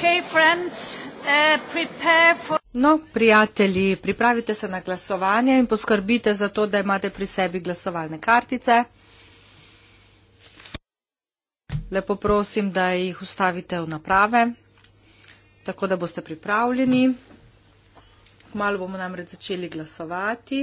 Okay, friends, uh, for... No, prijatelji, pripravite se na glasovanje in poskrbite za to, da imate pri sebi glasovalne kartice. Lepo prosim, da jih ustavite v naprave, tako da boste pripravljeni. Kmalo bomo namreč začeli glasovati.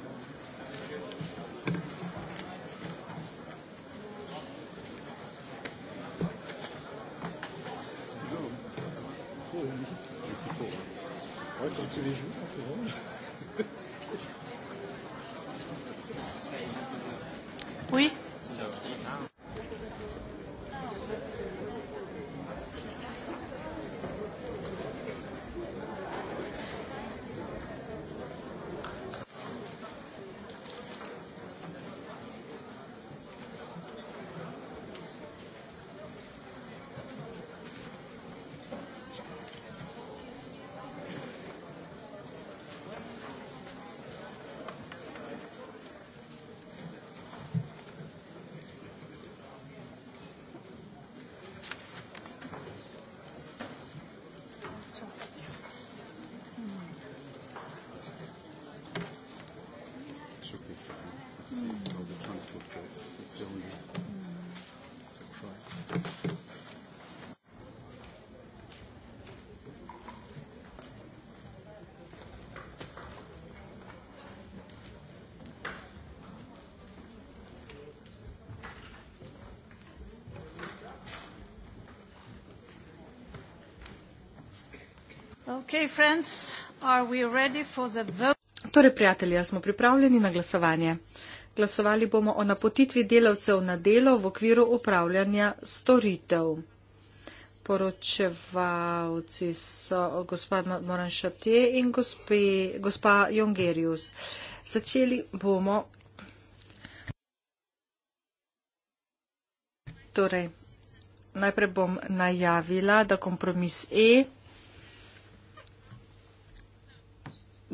Okay, friends, are we ready for the vote? Torej, prijatelji, smo pripravljeni na glasovanje. Glasovali bomo o napotitvi delavcev na delo v okviru upravljanja storitev. Poročevalci so gospa Moran Šapte in gospe, gospa Jongerius. Začeli bomo. Torej, najprej bom najavila, da kompromis E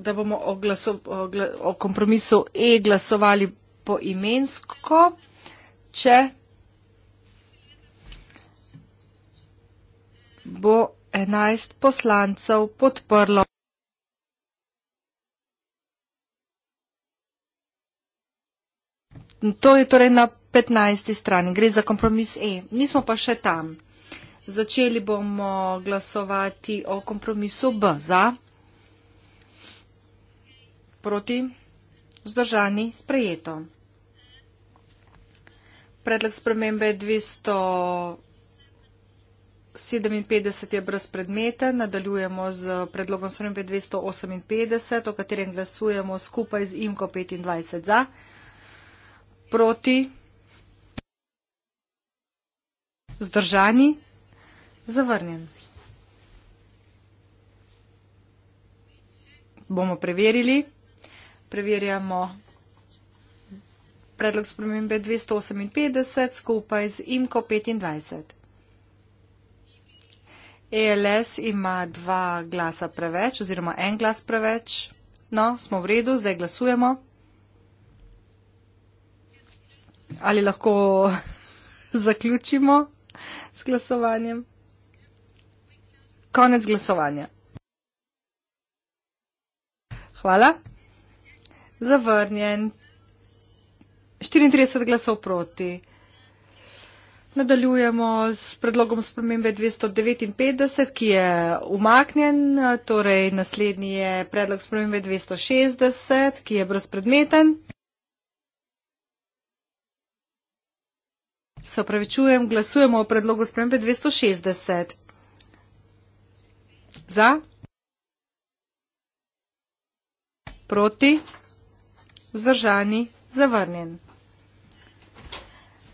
da bomo o, glaso, o, o kompromisu E glasovali po imensko, če bo 11 poslancev podprlo. To je torej na 15. strani. Gre za kompromis E. Nismo pa še tam. Začeli bomo glasovati o kompromisu B za. Proti? Vzdržani? Sprejeto. Predlog spremembe 257 je brezpredmeten. Nadaljujemo z predlogom spremembe 258, o katerem glasujemo skupaj z IMKO 25 za. Proti? Vzdržani? Zavrnjen. Bomo preverili preverjamo predlog spremembe 258 skupaj z IMKO 25. ELS ima dva glasa preveč oziroma en glas preveč. No, smo v redu, zdaj glasujemo. Ali lahko zaključimo z glasovanjem? Konec glasovanja. Hvala zavrnjen. 34 glasov proti. Nadaljujemo s predlogom spremembe 259, ki je umaknjen. Torej, naslednji je predlog spremembe 260, ki je brezpredmeten. Se opravičujem, glasujemo o predlogu spremembe 260. Za? Proti? vzdržani, zavrnjen.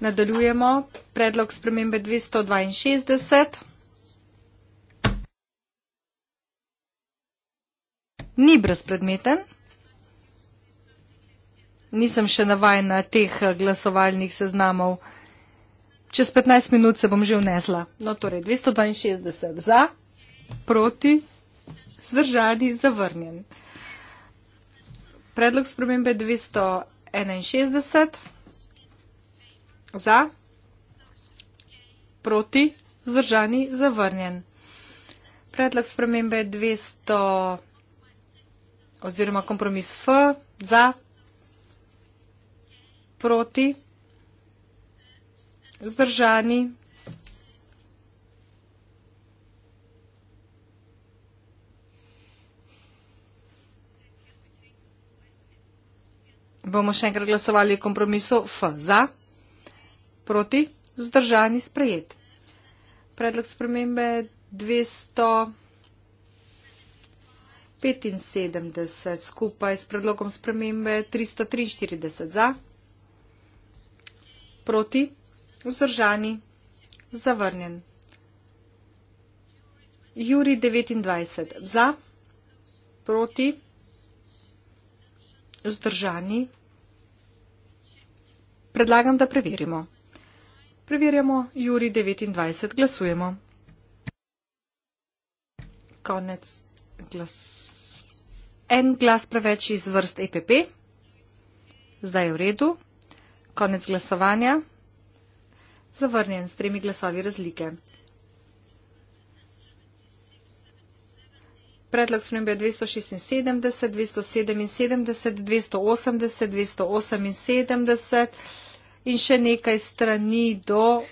Nadaljujemo predlog spremembe 262. Ni brezpredmeten. Nisem še navajena teh eh, glasovalnih seznamov. Čez 15 minut se bom že vnesla. No, torej 262 za, proti, vzdržani, zavrnjen. Predlog spremembe 261. Za. Proti. Zdržani. Zavrnjen. Predlog spremembe 200 oziroma kompromis F. Za. Proti. Zdržani. Zavrnjen. bomo še enkrat glasovali o kompromisu F za, proti, vzdržani sprejet. Predlog spremembe 275 skupaj s predlogom spremembe 343 za, proti, vzdržani, zavrnjen. Juri 29 za, proti, vzdržani, zavrnjen. Predlagam, da preverimo. Preverjamo, Juri 29, glasujemo. Konec glas. En glas preveč iz vrst EPP. Zdaj je v redu. Konec glasovanja. Zavrnjen s tremi glasovi razlike. Predlog spremembe 276, 277, 280, 278 in še nekaj strani do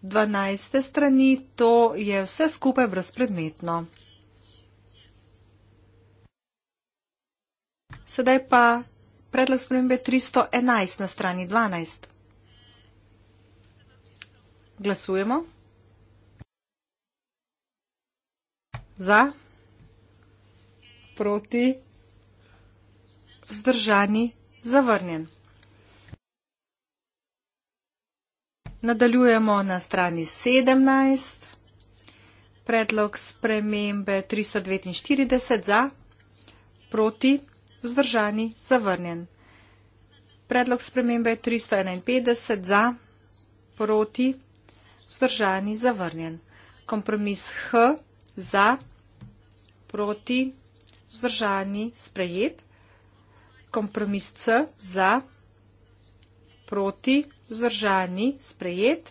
12. strani, to je vse skupaj brezpredmetno. Sedaj pa predlog spremembe 311 na strani 12. Glasujemo. Za, proti, vzdržani, zavrnjen. Nadaljujemo na strani 17. Predlog spremembe 349 za, proti, vzdržani, zavrnjen. Predlog spremembe 351 za, proti, vzdržani, zavrnjen. Kompromis H za, proti, vzdržani, sprejet. Kompromis C za, proti, vzdržani, sprejet proti, vzdržani, sprejet.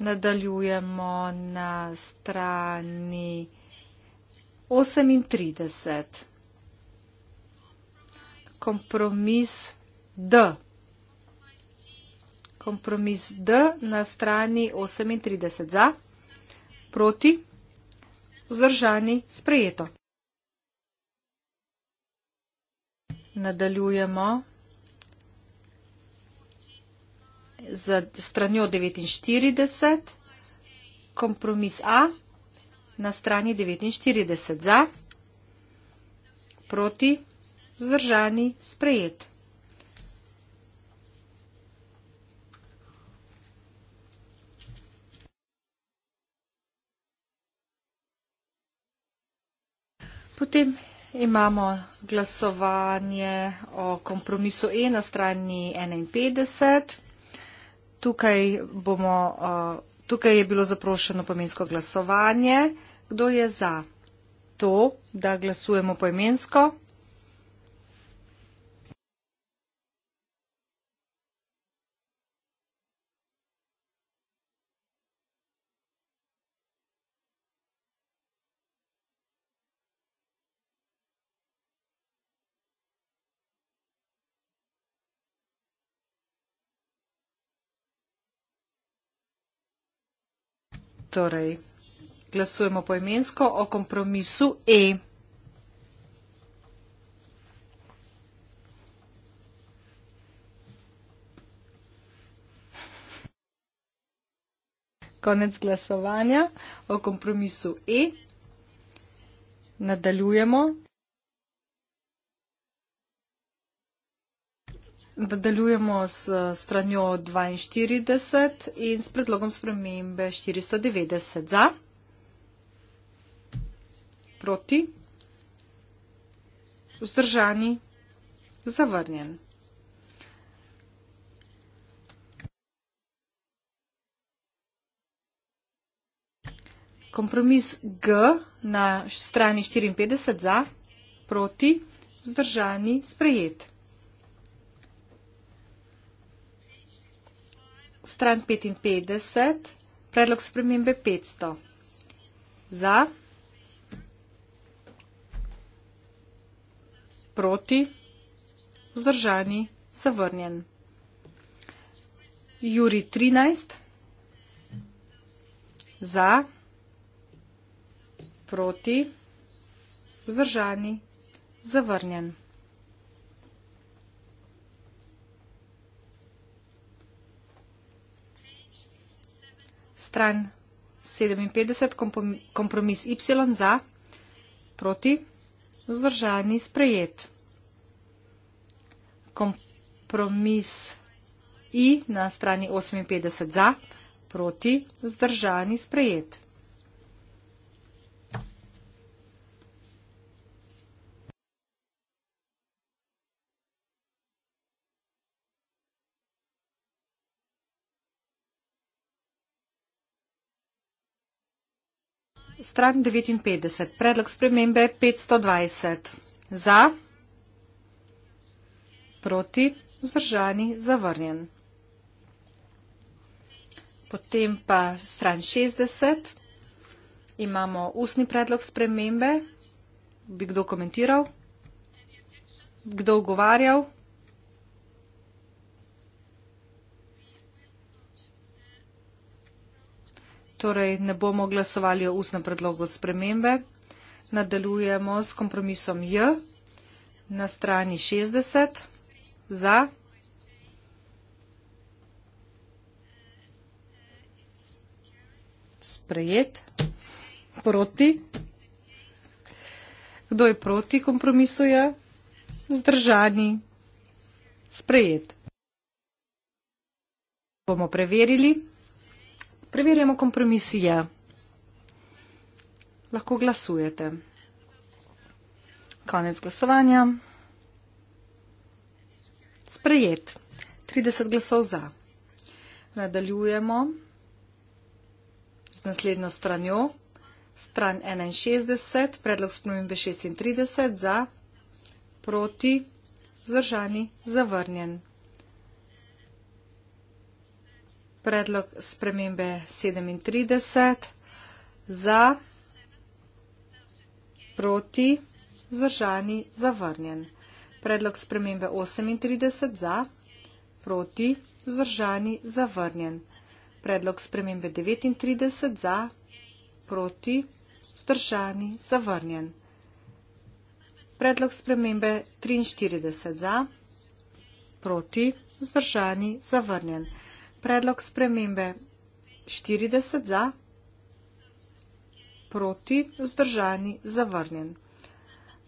Nadaljujemo na strani 38. Kompromis D. Kompromis D na strani 38 za, proti, vzdržani, sprejeto. Nadaljujemo z stranjo 49, kompromis A na strani 49 za, proti, vzdržani, sprejet. Potem imamo glasovanje o kompromisu E na strani 51. Tukaj, bomo, uh, tukaj je bilo zaprošeno poimensko glasovanje. Kdo je za to, da glasujemo poimensko? Torej, glasujemo poimensko o kompromisu E. Konec glasovanja o kompromisu E. Nadaljujemo. Nadaljujemo s stranjo 42 in s predlogom spremembe 490. Za? Proti? Vzdržani? Zavrnjen. Kompromis G na strani 54 za, proti, vzdržani, sprejet. stran 55, predlog spremembe 500. Za? Proti? Vzdržani? Zavrnjen. Juri 13. Za? Proti? Vzdržani? Zavrnjen. stran 57, kompromis Y za, proti, vzdržani, sprejet. Kompromis I na strani 58 za, proti, vzdržani, sprejet. Stran 59. Predlog spremembe 520. Za. Proti. Vzdržani. Zavrnjen. Potem pa stran 60. Imamo usni predlog spremembe. Bi kdo komentiral? Kdo ugovarjal? torej ne bomo glasovali o ustnem predlogu spremembe. Nadaljujemo s kompromisom J na strani 60 za. Sprejet. Proti. Kdo je proti kompromisu J? Zdržani. Sprejet. Bomo preverili. Preverjamo kompromisije. Lahko glasujete. Konec glasovanja. Sprejet. 30 glasov za. Nadaljujemo z naslednjo stranjo. Stran 61, predlog spremembe 36 za, proti, vzdržani, zavrnjen. predlog spremembe 37, za, proti, vzdržani, zavrnjen. Predlog spremembe 38, za, proti, vzdržani, zavrnjen. Predlog spremembe 39, za, proti, vzdržani, zavrnjen. Predlog spremembe 43 za, proti, vzdržani, zavrnjen predlog spremembe 40 za, proti, vzdržani, zavrnjen.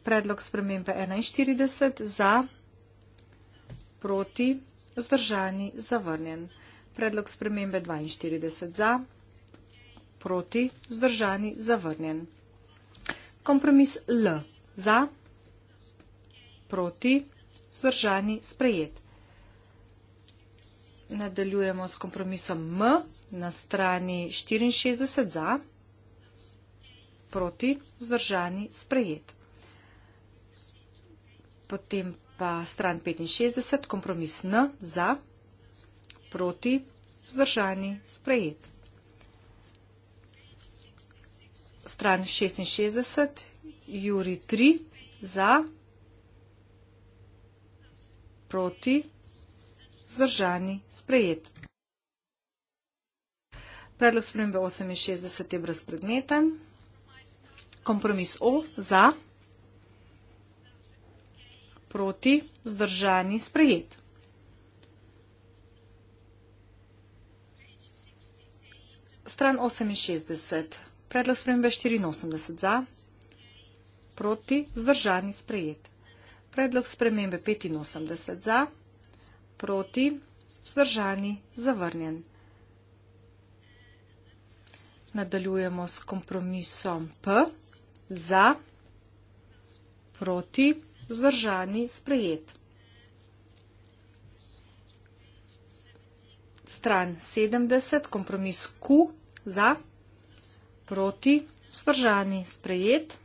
Predlog spremembe 41 za, proti, vzdržani, zavrnjen. Predlog spremembe 42 za, proti, vzdržani, zavrnjen. Kompromis L za, proti, vzdržani, sprejet. Nadaljujemo s kompromisom M na strani 64 za, proti, vzdržani, sprejet. Potem pa stran 65, kompromis N za, proti, vzdržani, sprejet. Stran 66, Juri 3 za, proti, vzdržani, sprejet vzdržani, sprejet. Predlog spremembe 68 je brezpredmeten. Kompromis O za, proti, vzdržani, sprejet. Stran 68. Predlog spremembe 84 za, proti, vzdržani, sprejet. Predlog spremembe 85 za, proti, vzdržani, sprejet proti, vzdržani, zavrnjen. Nadaljujemo s kompromisom P, za, proti, vzdržani, sprejet. Stran 70, kompromis Q, za, proti, vzdržani, sprejet.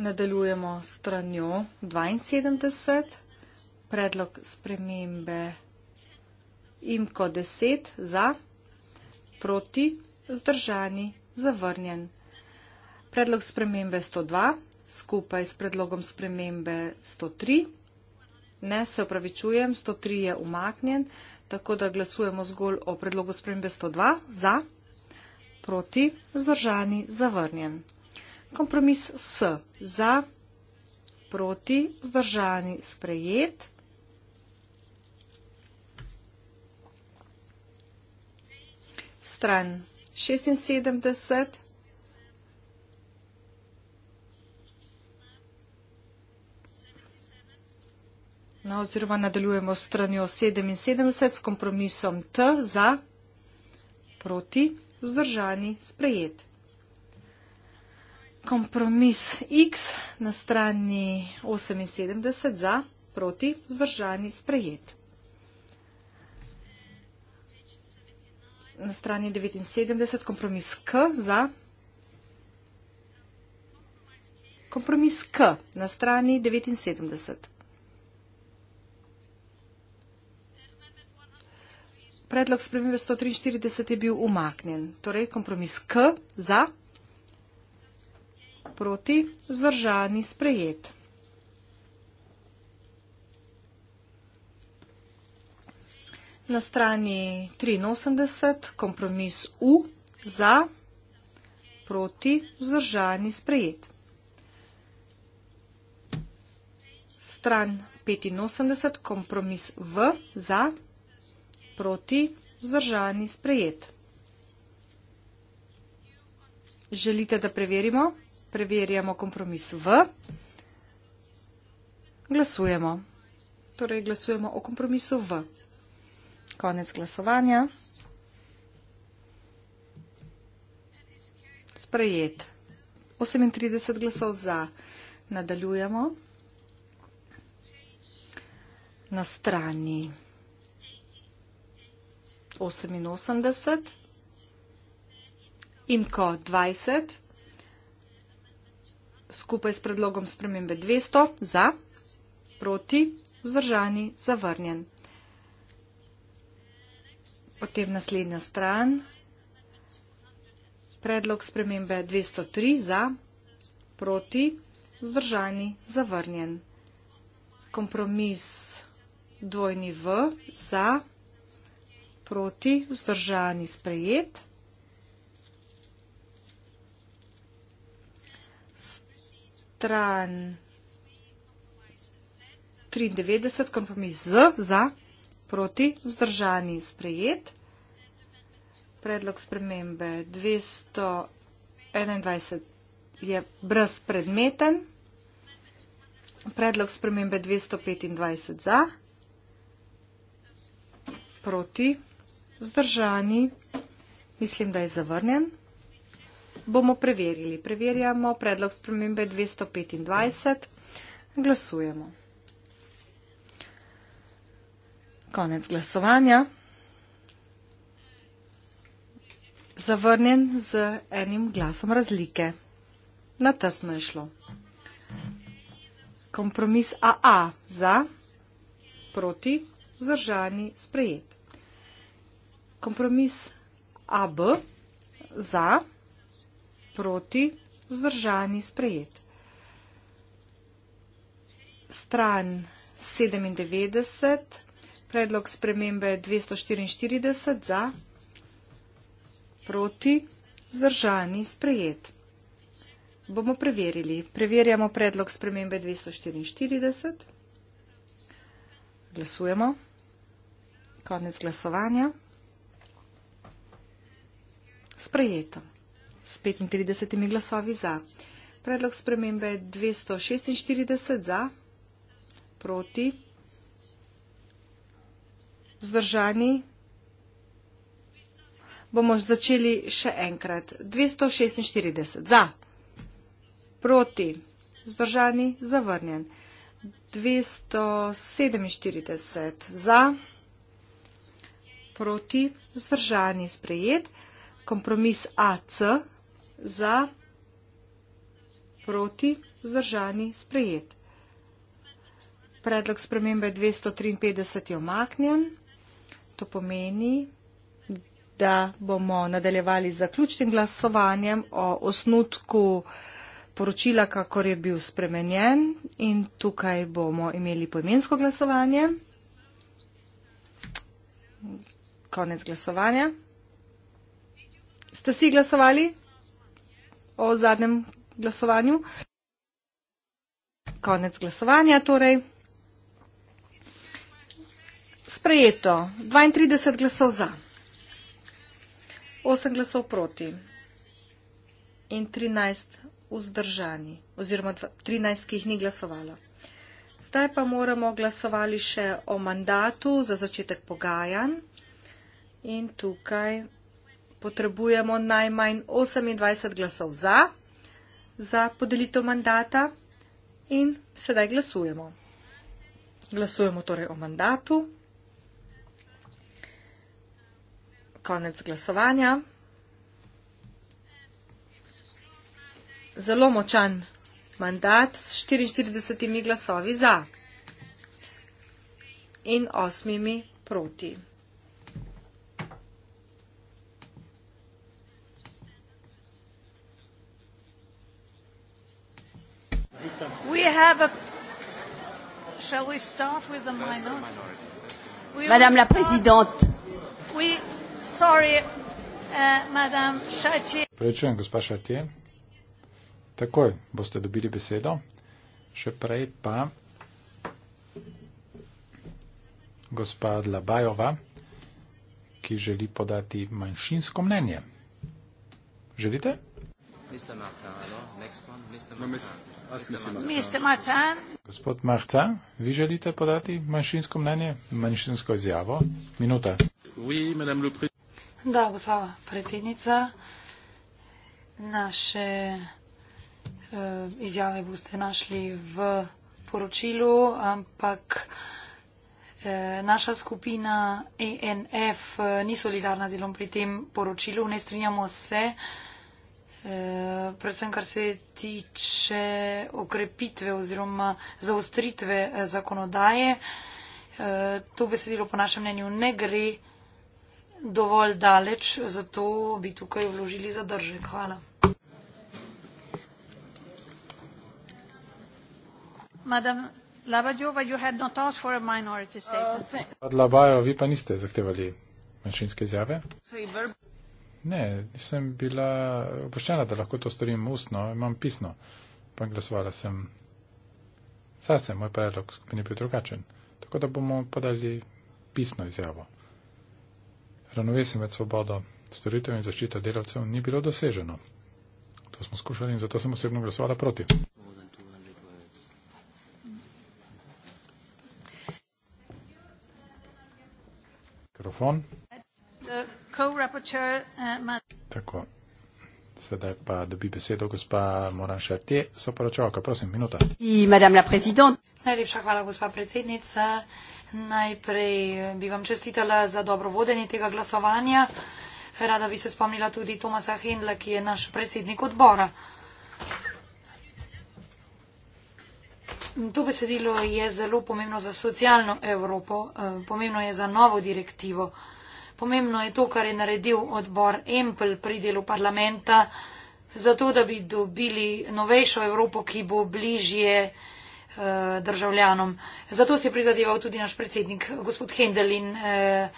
Nadaljujemo s stranjo 72, predlog spremembe IMKO 10 za, proti, zdržani, zavrnjen. Predlog spremembe 102 skupaj s predlogom spremembe 103, ne se opravičujem, 103 je umaknjen, tako da glasujemo zgolj o predlogu spremembe 102 za, proti, zdržani, zavrnjen kompromis S za, proti, vzdržani, sprejet. Stran 76. No, oziroma nadaljujemo s stranjo 77 s kompromisom T za, proti, vzdržani, sprejet kompromis X na strani 78 za proti vzdržani sprejet. Na strani 79 kompromis K za. Kompromis K na strani 79. Predlog spremembe 143 je bil umaknjen. Torej, kompromis K za proti vzdržani sprejet. Na strani 83 kompromis U za proti vzdržani sprejet. Stran 85 kompromis V za proti vzdržani sprejet. Želite, da preverimo? preverjamo kompromis v, glasujemo. Torej glasujemo o kompromisu v. Konec glasovanja. Sprejet. 38 glasov za. Nadaljujemo. Na strani 88 in ko 20 skupaj s predlogom spremembe 200 za, proti, vzdržani, zavrnjen. Potem naslednja stran, predlog spremembe 203 za, proti, vzdržani, zavrnjen. Kompromis dvojni v, za, proti, vzdržani, sprejet. stran 93, kompromis z, za, proti, vzdržani, sprejet. Predlog spremembe 221 je brezpredmeten. Predlog spremembe 225 za, proti, vzdržani, mislim, da je zavrnjen bomo preverili. Preverjamo predlog spremembe 225. Glasujemo. Konec glasovanja. Zavrnjen z enim glasom razlike. Na tesno je šlo. Kompromis AA za, proti, vzdržani, sprejet. Kompromis AB za, proti, vzdržani, sprejet proti, vzdržani, sprejet. Stran 97, predlog spremembe 244 za, proti, vzdržani, sprejet. Bomo preverili. Preverjamo predlog spremembe 244. Glasujemo. Konec glasovanja. Sprejeto s 35 glasovi za. Predlog spremembe 246 za, proti, vzdržani. Bomo začeli še enkrat. 246 za, proti, vzdržani, zavrnjen. 247 za, proti, vzdržani, sprejet. Kompromis AC za, proti, vzdržani, sprejet. Predlog spremembe 253 je omaknjen. To pomeni, da bomo nadaljevali z zaključnim glasovanjem o osnutku poročila, kakor je bil spremenjen. In tukaj bomo imeli poimensko glasovanje. Konec glasovanja. Ste vsi glasovali? o zadnjem glasovanju. Konec glasovanja torej. Sprejeto. 32 glasov za. 8 glasov proti. In 13 vzdržani. Oziroma 13, ki jih ni glasovalo. Zdaj pa moramo glasovali še o mandatu za začetek pogajanj. In tukaj potrebujemo najmanj 28 glasov za, za podelitev mandata in sedaj glasujemo. Glasujemo torej o mandatu. Konec glasovanja. Zelo močan mandat s 44 glasovi za in osmimi proti. We have a, shall we start with the minority? Madame la Présidente. We, sorry, uh, Madame Chartier. Prečujem, gospa Chartier. Takoj boste dobili besedo. Še prej pa gospa Dlabajova, ki želi podati manjšinsko mnenje. Želite? Mr. Martin, alors, next one, Mr. No, Martin. No, miss, ask Mr. Mr. Martin. Mr. Martin. Gospod Martin, vi želite podati manjšinsko mnenje, manjšinsko izjavo? Minuta. Oui, madame le président. Da, gospa predsednica, naše eh, izjave boste našli v poročilu, ampak eh, naša skupina ENF eh, ni solidarna z delom pri tem poročilu, ne strinjamo se. Eh, predvsem kar se tiče okrepitve oziroma zaustritve eh, zakonodaje. Eh, to besedilo po našem mnenju ne gre dovolj daleč, zato bi tukaj vložili zadržek. Hvala. Madam uh, Labajo, vi pa niste zahtevali manjšinske izjave. Ne, nisem bila opoščena, da lahko to storim ustno, imam pisno. Pa glasovala sem. Zase, moj predlog skupine je bil drugačen. Tako da bomo podali pisno izjavo. Ravnovesje med svobodo storitev in zaščito delavcev ni bilo doseženo. To smo skušali in zato sem osebno glasovala proti. Mikrofon počel. Eh, uh, Tako. Sedaj pa dobi besedo gospa Moran Šartje, soporočavka. Prosim, minuta. Najlepša hvala, gospa predsednica. Najprej eh, bi vam čestitala za dobro vodenje tega glasovanja. Rada bi se spomnila tudi Tomasa Hendla, ki je naš predsednik odbora. To besedilo je zelo pomembno za socialno Evropo, eh, pomembno je za novo direktivo. Pomembno je to, kar je naredil odbor Empel pri delu parlamenta, zato da bi dobili novejšo Evropo, ki bo bližje eh, državljanom. Zato si je prizadeval tudi naš predsednik, gospod Hendel in eh,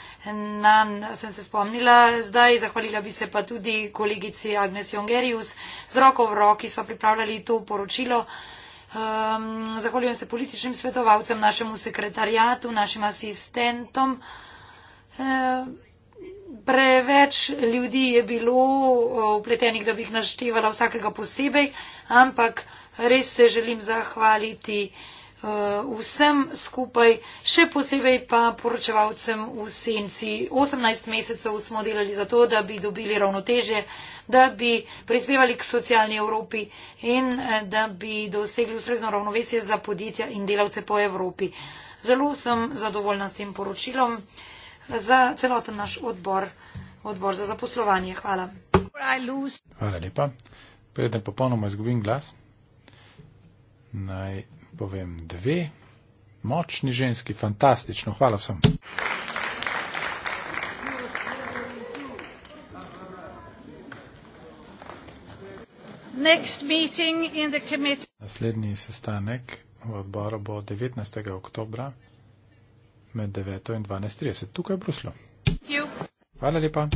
nan sem se spomnila. Zdaj zahvalila bi se pa tudi kolegici Agnes Jongerius. Z roko v roki smo pripravljali to poročilo. Um, zahvaljujem se političnim svetovalcem, našemu sekretarjatu, našim asistentom. Eh, preveč ljudi je bilo upletenih, eh, da bi jih naštevala vsakega posebej, ampak res se želim zahvaliti eh, vsem skupaj, še posebej pa poročevalcem v senci. 18 mesecev smo delali za to, da bi dobili ravnoteže, da bi prispevali k socialni Evropi in eh, da bi dosegli ustrezno ravnovesje za podjetja in delavce po Evropi. Zelo sem zadovoljna s tem poročilom za celoten naš odbor, odbor za zaposlovanje. Hvala. Hvala lepa. Preden popolnoma izgubim glas, naj povem dve močni ženski, fantastično. Hvala vsem. Naslednji sestanek v odboru bo 19. oktobra med 9 in 12.30 tukaj v Bruslu. Hvala lepa.